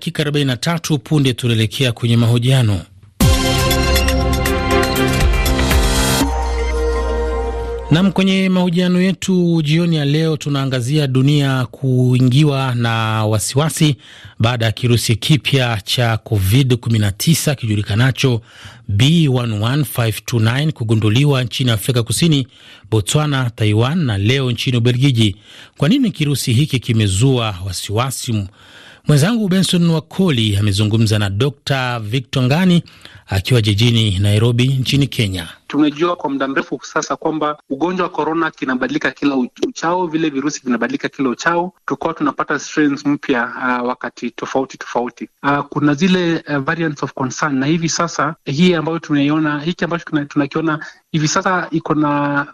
dakika 43 punde tunaelekea kwenye mahojiano. Nam, kwenye mahojiano yetu jioni ya leo tunaangazia dunia kuingiwa na wasiwasi baada ya kirusi kipya cha COVID-19 kijulikanacho B11529 kugunduliwa nchini Afrika Kusini, Botswana, Taiwan na leo nchini Ubelgiji. Kwa nini kirusi hiki kimezua wasiwasi Mwenzangu Benson Wakoli amezungumza na Dr Victor Ngani akiwa jijini Nairobi nchini Kenya. Tumejua kwa muda mrefu sasa kwamba ugonjwa wa korona kinabadilika kila uchao, vile virusi vinabadilika kila uchao, tukawa tunapata strains mpya uh, wakati tofauti tofauti. Uh, kuna zile uh, variants of concern, na hivi sasa hii ambayo tunaiona, hiki ambacho tunakiona hivi sasa iko na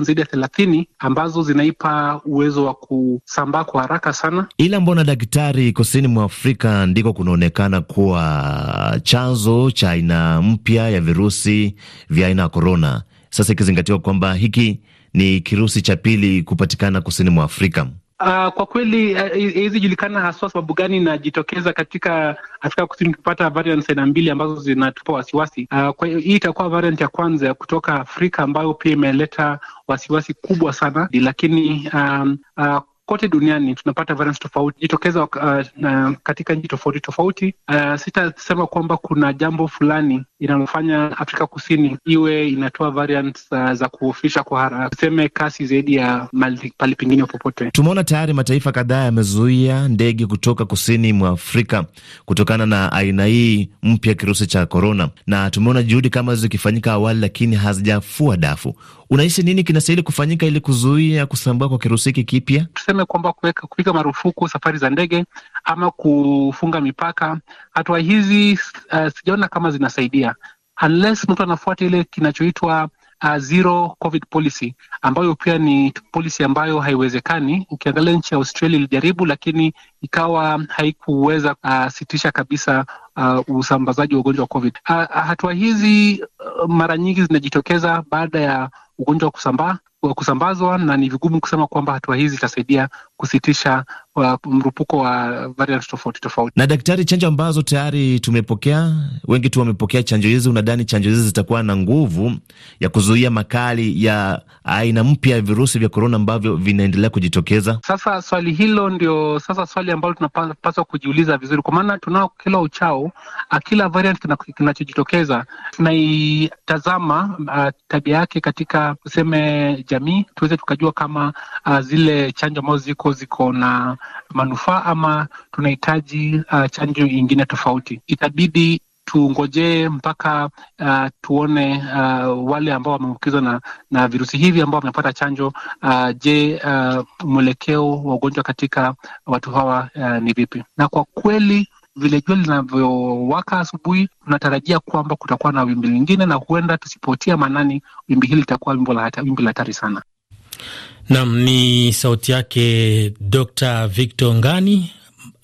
zaidi ya thelathini ambazo zinaipa uwezo wa kusambaa kwa haraka sana. Ila mbona daktari, kusini mwa Afrika ndiko kunaonekana kuwa chanzo cha aina mpya ya virusi vya aina ya korona, sasa ikizingatiwa kwamba hiki ni kirusi cha pili kupatikana kusini mwa Afrika. Uh, kwa kweli eh, hizi uh, julikana haswa sababu gani inajitokeza katika Afrika Kusini. kupata variants aina mbili ambazo zinatupa wasiwasi uh, hii itakuwa variant ya kwanza ya kutoka Afrika ambayo pia imeleta wasiwasi kubwa sana, lakini um, uh, kote duniani tunapata tofauti jitokeza uh, uh, katika nchi tofauti tofauti. Uh, sitasema kwamba kuna jambo fulani inalofanya Afrika Kusini iwe inatoa variants uh, za kuofisha kwa tuseme kasi zaidi ya mali, pali pengine popote. Tumeona tayari mataifa kadhaa yamezuia ndege kutoka kusini mwa Afrika kutokana na aina hii mpya kirusi cha korona, na tumeona juhudi kama hizo zikifanyika awali, lakini hazijafua dafu. Unahisi nini kinastahili kufanyika ili kuzuia kusambaa kwa kirusi hiki kipya? Tuseme kwamba kuweka kupiga marufuku safari za ndege ama kufunga mipaka, hatua hizi uh, sijaona kama zinasaidia unless mtu anafuata ile kinachoitwa Uh, zero covid policy ambayo pia ni policy ambayo haiwezekani. Ukiangalia nchi ya Australia ilijaribu, lakini ikawa haikuweza uh, sitisha kabisa uh, usambazaji wa ugonjwa wa covid. Uh, hatua hizi uh, mara nyingi zinajitokeza baada ya ugonjwa wa kusambaa kusambazwa na ni vigumu kusema kwamba hatua hizi zitasaidia kusitisha wa uh, mrupuko wa variant tofauti tofauti. Na daktari, chanjo ambazo tayari tumepokea, wengi tu wamepokea chanjo hizi, unadhani chanjo hizi zitakuwa na nguvu ya kuzuia makali ya aina mpya ya virusi vya korona ambavyo vinaendelea kujitokeza? Sasa swali hilo ndio sasa swali ambalo tunapaswa kujiuliza vizuri, kwa maana tunao kila uchao, kila variant kinachojitokeza tunaitazama tabia yake katika tuseme jamii tuweze tukajua kama uh, zile chanjo ambazo ziko ziko na manufaa ama tunahitaji uh, chanjo ingine tofauti. Itabidi tungojee mpaka uh, tuone uh, wale ambao wameambukizwa na, na virusi hivi ambao wamepata chanjo uh, je, uh, mwelekeo wa ugonjwa katika watu hawa uh, ni vipi? Na kwa kweli vile jua linavyowaka asubuhi, tunatarajia kwamba kutakuwa na wimbi lingine, na huenda tusipotia maanani wimbi hili litakuwa wimbi la hatari sana. Nam ni sauti yake Dr. Victor Ngani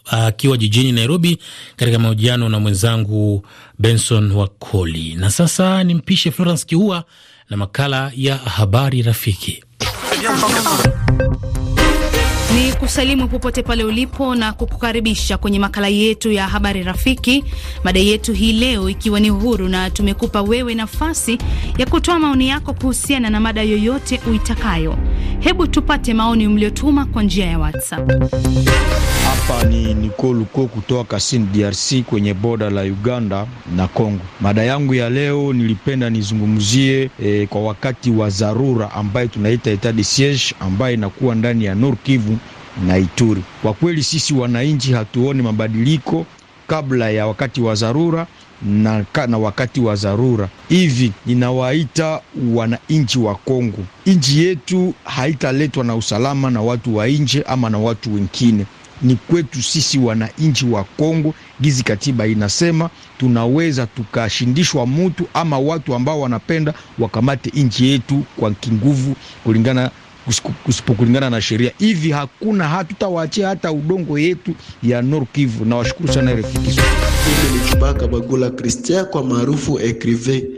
akiwa jijini Nairobi katika mahojiano na mwenzangu Benson Wakoli. Na sasa ni mpishe Florence Kihua na makala ya habari rafiki ni kusalimu popote pale ulipo na kukukaribisha kwenye makala yetu ya habari rafiki, mada yetu hii leo ikiwa ni uhuru, na tumekupa wewe nafasi ya kutoa maoni yako kuhusiana na mada yoyote uitakayo. Hebu tupate maoni mliotuma kwa njia ya WhatsApp. Hapa ni Niko Luko kutoka DRC, kwenye boda la Uganda na congo Mada yangu ya leo nilipenda nizungumzie e, kwa wakati wa dharura ambaye tunaita etat de siege ambaye inakuwa ndani ya Nord Kivu na Ituri. Kwa kweli sisi wananchi hatuoni mabadiliko kabla ya wakati wa dharura na, na wakati wa dharura. Hivi ninawaita wananchi wa Kongo, nchi yetu haitaletwa na usalama na watu wa nje ama na watu wengine ni kwetu sisi wananchi wa Kongo. Gizi katiba inasema tunaweza tukashindishwa mutu ama watu ambao wanapenda wakamate nchi yetu kwa kinguvu kulingana kusipokulingana na sheria hivi, hakuna hatutawaachia hata udongo yetu ya Nord Kivu. Na washukuru sana refikisho hili. Ni Kibaka Bagula Kristia kwa maarufu Ekrive.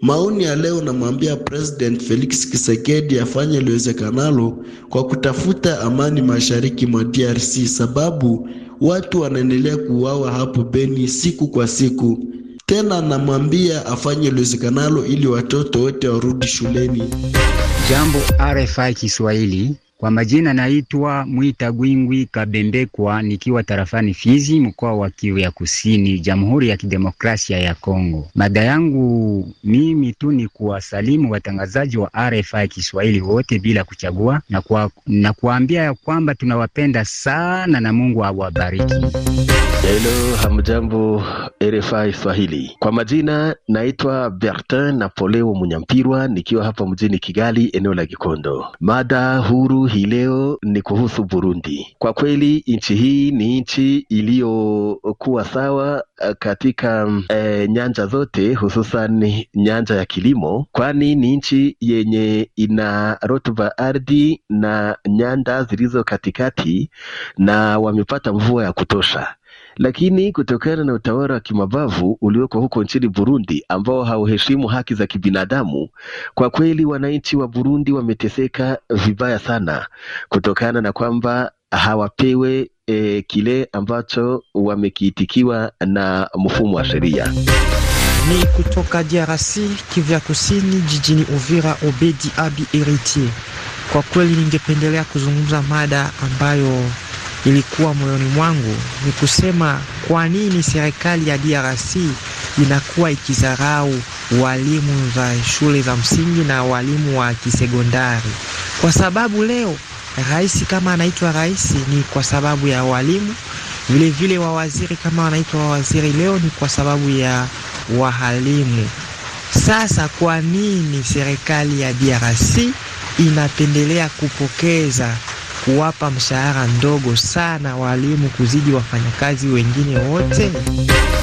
Maoni ya leo namwambia President Felix kisekedi afanye liwezekanalo kwa kutafuta amani mashariki mwa DRC, sababu watu wanaendelea kuuawa hapo Beni siku kwa siku. Tena namwambia afanye liwezekanalo ili watoto wote warudi shuleni. Jambo RFI Kiswahili, kwa majina naitwa Mwita Gwingwi Kabembekwa, nikiwa tarafani Fizi, mkoa wa Kivu ya Kusini, Jamhuri ya Kidemokrasia ya Kongo. Mada yangu mimi tu ni kuwasalimu watangazaji wa RFI Kiswahili wote bila kuchagua na, kwa, na kuambia ya kwamba tunawapenda sana na Mungu awabariki. Hello, hamjambo RFI Swahili. Kwa majina naitwa Bertin Napoleo Munyampirwa, nikiwa hapa mjini Kigali, eneo la Gikondo. Mada huru hii leo ni kuhusu Burundi. Kwa kweli nchi hii ni nchi iliyokuwa sawa eh, katika e, nyanja zote hususan nyanja ya kilimo, kwani ni nchi yenye ina rutuba ardhi na nyanda zilizo katikati na wamepata mvua ya kutosha lakini kutokana na utawala wa kimabavu ulioko huko nchini Burundi ambao hauheshimu haki za kibinadamu, kwa kweli wananchi wa Burundi wameteseka vibaya sana, kutokana na kwamba hawapewe e, kile ambacho wamekiitikiwa na mfumo wa sheria. Ni kutoka DRC Kivu ya Kusini, jijini Uvira, Obedi Abi Eritier. Kwa kweli ningependelea kuzungumza mada ambayo ilikuwa moyoni mwangu ni kusema, kwa nini serikali ya DRC inakuwa ikizarau walimu za shule za msingi na walimu wa kisekondari? Kwa sababu leo rais kama anaitwa rais ni kwa sababu ya walimu, vilevile wawaziri kama wanaitwa wawaziri leo ni kwa sababu ya wahalimu. Sasa kwa nini serikali ya DRC inapendelea kupokeza kuwapa mshahara ndogo sana walimu kuzidi wafanyakazi wengine wote?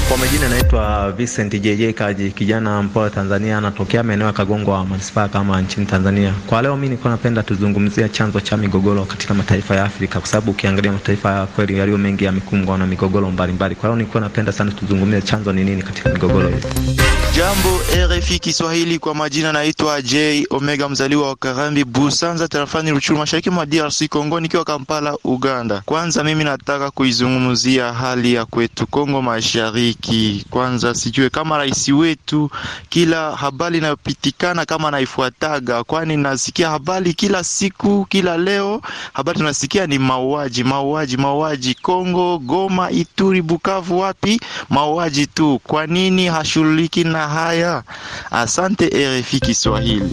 Kwa majina anaitwa Vincent JJ Kaji, kijana mpoa Tanzania, anatokea maeneo ya Kagongo wa manispaa kama nchini Tanzania. Kwa leo mimi niko napenda tuzungumzia chanzo cha migogoro katika mataifa ya Afrika, kwa sababu ukiangalia mataifa ya kweli yaliyo mengi yamekumbwa na migogoro mbalimbali. Kwa hiyo niko napenda sana tuzungumzie chanzo ni nini katika migogoro hii. Jambo RFI Kiswahili, kwa majina naitwa J Omega, mzaliwa wa Karambi Busanza, tarafani Ruchuru, mashariki mwa DRC Kongo, nikiwa Kampala, Uganda. Kwanza mimi nataka kuizungumzia hali ya kwetu Kongo Mashariki. Kwanza sijue kama rais wetu, kila habari inayopitikana kama naifuataga, kwani nasikia habari kila siku, kila leo habari tunasikia ni mauaji, mauaji, mauaji Kongo, Goma, Ituri, Bukavu, wapi mauaji tu. Kwa nini hashughuliki na na haya. Asante RFI Kiswahili.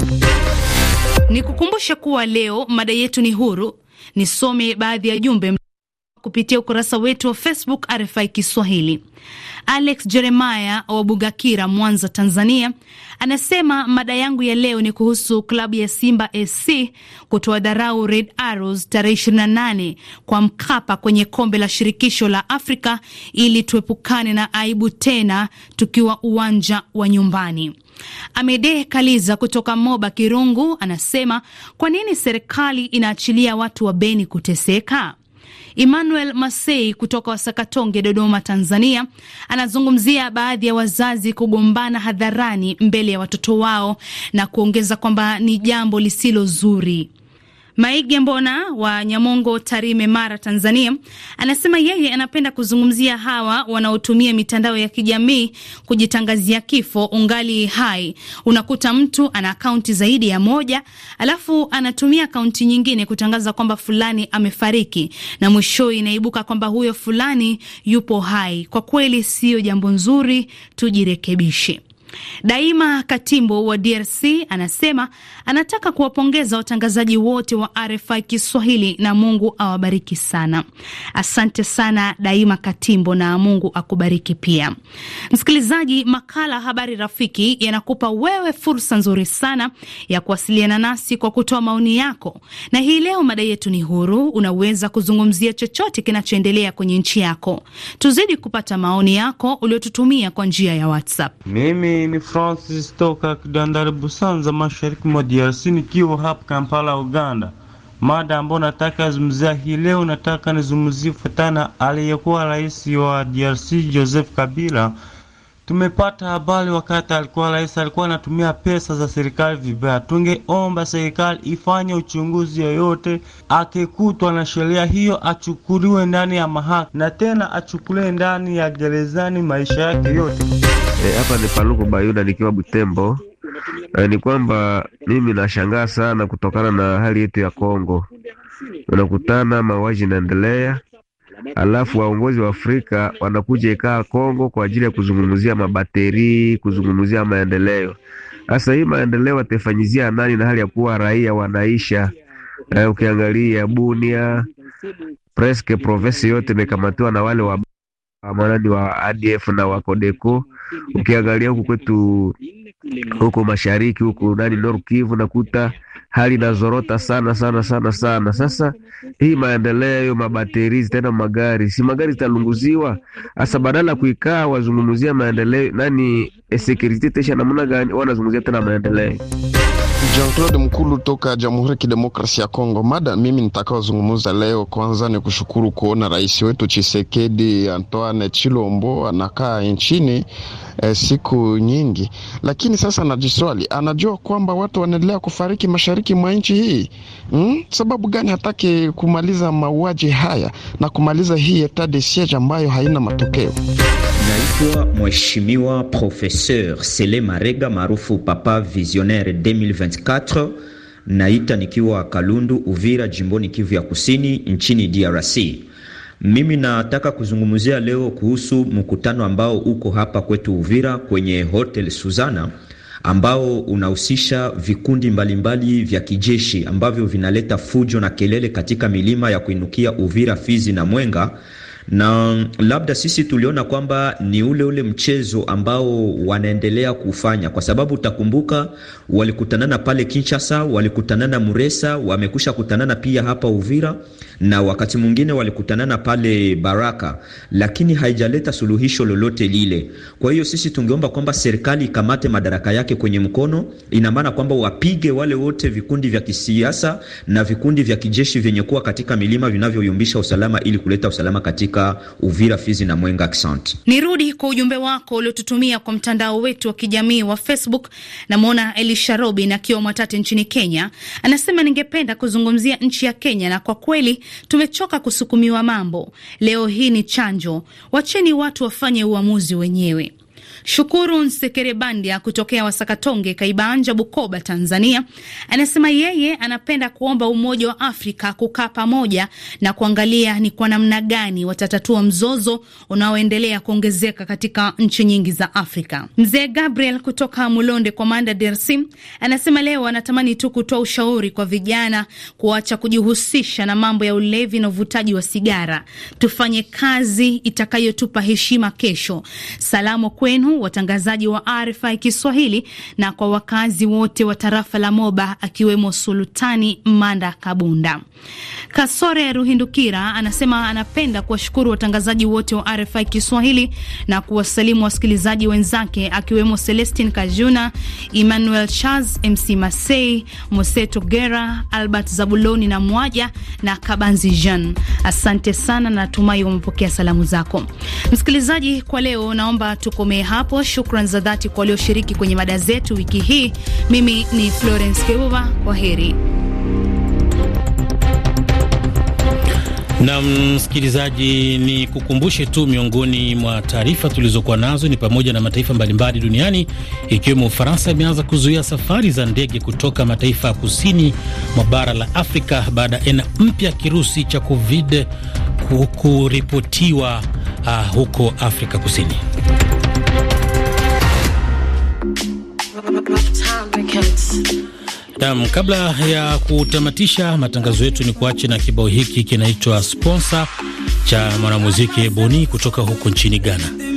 Nikukumbushe kuwa leo mada yetu ni huru. Nisome baadhi ya jumbe kupitia ukurasa wetu wa Facebook RFI Kiswahili. Alex Jeremaya wa Bugakira, Mwanza, Tanzania, anasema mada yangu ya leo ni kuhusu klabu ya Simba SC kutoa dharau Red Arrows tarehe 28 kwa Mkapa kwenye kombe la shirikisho la Afrika ili tuepukane na aibu tena tukiwa uwanja wa nyumbani. Amede Kaliza kutoka Moba Kirungu anasema kwa nini serikali inaachilia watu wa Beni kuteseka? Emmanuel Masei kutoka Wasakatonge, Dodoma, Tanzania, anazungumzia baadhi ya wazazi kugombana hadharani mbele ya watoto wao na kuongeza kwamba ni jambo lisilo zuri. Maige Mbona wa Nyamongo, Tarime, Mara, Tanzania, anasema yeye anapenda kuzungumzia hawa wanaotumia mitandao ya kijamii kujitangazia kifo ungali hai. Unakuta mtu ana akaunti zaidi ya moja, alafu anatumia akaunti nyingine kutangaza kwamba fulani amefariki, na mwisho inaibuka kwamba huyo fulani yupo hai. Kwa kweli siyo jambo nzuri, tujirekebishe. Daima Katimbo wa DRC anasema anataka kuwapongeza watangazaji wote wa RFI Kiswahili na Mungu awabariki sana. Asante sana Daima Katimbo na Mungu akubariki pia. Msikilizaji, makala Habari Rafiki yanakupa wewe fursa nzuri sana ya kuwasiliana nasi kwa kutoa maoni yako, na hii leo mada yetu ni huru. Unaweza kuzungumzia chochote kinachoendelea kwenye nchi yako. Tuzidi kupata maoni yako uliotutumia kwa njia ya WhatsApp. Mimi ni Francis toka Kidandari Busanza, mashariki mwa DRC, nikiwa hapa Kampala, Uganda. Mada ambayo nataka zungumzia hii leo, nataka nizungumzie fatana aliyekuwa rais wa DRC Joseph Kabila. Tumepata habari wakati alikuwa rais alikuwa anatumia pesa za serikali vibaya. Tungeomba serikali ifanye uchunguzi yoyote, akikutwa na sheria hiyo achukuliwe ndani ya mahakama na tena achukuliwe ndani ya gerezani maisha yake yote. Eh, hapa e, ni Paluku Bayuda nikiwa Butembo. E, ni kwamba mimi nashangaa sana kutokana na hali yetu ya Kongo, unakutana mauaji inaendelea, alafu waongozi wa Afrika wanakuja ikaa Kongo kwa ajili ya kuzungumzia mabateri, kuzungumzia maendeleo. Sasa hii maendeleo wataifanyizia nani, na hali ya kuwa raia wanaisha e, ukiangalia Bunia, preske provinsi yote imekamatiwa na wale wa Ah, maana ni wa ADF na wa Codeco. Ukiangalia huku kwetu huko mashariki huko nani Nord Kivu, nakuta hali inazorota sana sana sana sana. Sasa hii maendeleo mabateri tena magari si magari zitalunguziwa hasa, badala kuikaa wazungumzia maendeleo nani eh, security, tesha namna gani wanazungumzia tena maendeleo Jean-Claude Mkulu toka Jamhuri ya Kidemokrasia ya Kongo. Mada mimi nitakaozungumza leo, kwanza ni kushukuru kuona rais wetu Chisekedi Antoine Chilombo anakaa nchini e, siku nyingi, lakini sasa najiswali, anajua kwamba watu wanaendelea kufariki mashariki mwa nchi hii hmm? Sababu gani hataki kumaliza mauaji haya na kumaliza hii etat de siege ambayo haina matokeo? Naitwa Mheshimiwa Professeur Sele Marega maarufu Papa Visionnaire 24 naita nikiwa Kalundu, Uvira, jimboni Kivu ya Kusini, nchini DRC. Mimi nataka kuzungumzia leo kuhusu mkutano ambao uko hapa kwetu Uvira kwenye Hotel Suzana ambao unahusisha vikundi mbalimbali mbali vya kijeshi ambavyo vinaleta fujo na kelele katika milima ya kuinukia Uvira, Fizi na Mwenga na labda sisi tuliona kwamba ni ule ule mchezo ambao wanaendelea kufanya, kwa sababu utakumbuka walikutanana pale Kinshasa, walikutanana Muresa, wamekusha kutanana pia hapa Uvira na wakati mwingine walikutanana pale Baraka, lakini haijaleta suluhisho lolote lile. Kwa hiyo sisi tungeomba kwamba serikali ikamate madaraka yake kwenye mkono, ina maana kwamba wapige wale wote vikundi vya kisiasa na vikundi vya kijeshi vyenye kuwa katika milima vinavyoyumbisha usalama ili kuleta usalama katika Uvira, Fizi na Mwenga. Accent. Nirudi kwa ujumbe wako uliotutumia kwa mtandao wetu wa kijamii wa Facebook. Namwona Elisha Robin akiwa Mwatate nchini Kenya, anasema ningependa kuzungumzia nchi ya Kenya na kwa kweli Tumechoka kusukumiwa mambo. Leo hii ni chanjo, wacheni watu wafanye uamuzi wenyewe. Shukuru Nsekerebandia kutokea Wasakatonge, Kaibanja, Bukoba, Tanzania, anasema yeye anapenda kuomba Umoja wa Afrika kukaa pamoja na kuangalia ni kwa namna gani watatatua mzozo unaoendelea kuongezeka katika nchi nyingi za Afrika. Mzee Gabriel kutoka Mulonde kwa Manda, DRC, anasema leo anatamani tu kutoa ushauri kwa vijana kuacha kujihusisha na mambo ya ulevi na uvutaji wa sigara. Tufanye kazi itakayotupa heshima kesho. Salamu kwenu watangazaji wa RFI Kiswahili na kwa wakazi wote wa tarafa la Moba akiwemo Sultani Manda Kabunda. Kasore Ruhindukira anasema anapenda kuwashukuru watangazaji wote wa RFI Kiswahili na kuwasalimu wasikilizaji wenzake akiwemo Celestin Kajuna, Emmanuel Charles, MC Masei, Moseto Gera, Albert Zabuloni na Mwaja na Kabanzi Jean. Asante sana, natumai umepokea salamu zako msikilizaji. Kwa leo naomba tukomee hapa hapo. Shukran za dhati kwa walioshiriki kwenye mada zetu wiki hii. Mimi ni Florence Kiuva, kwa heri. Nam msikilizaji, ni kukumbushe tu miongoni mwa taarifa tulizokuwa nazo ni pamoja na mataifa mbalimbali duniani ikiwemo Ufaransa imeanza kuzuia safari za ndege kutoka mataifa ya kusini mwa bara la Afrika baada ya aina mpya kirusi cha Covid kuripotiwa uh, huko Afrika Kusini. Nam, kabla ya kutamatisha matangazo yetu, ni kuache na kibao hiki kinaitwa sponsor cha mwanamuziki boni kutoka huko nchini Ghana.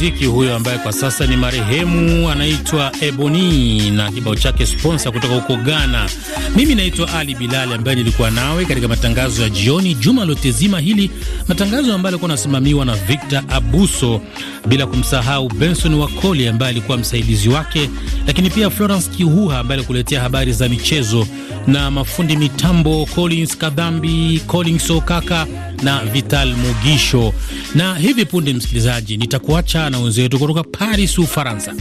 muziki huyo ambaye kwa sasa ni marehemu anaitwa Ebony na kibao chake sponsor kutoka huko Ghana. Mimi naitwa Ali Bilali ambaye nilikuwa nawe katika matangazo ya jioni juma lote zima hili, matangazo ambayo alikuwa anasimamiwa na Victor Abuso, bila kumsahau Benson Wakoli ambaye alikuwa msaidizi wake, lakini pia Florence Kihuha ambaye alikuletea habari za michezo na mafundi mitambo Collins Kadhambi, Collins Okaka na Vital Mugisho. Na hivi punde, msikilizaji, nitakuacha na wenzetu kutoka Paris, Ufaransa.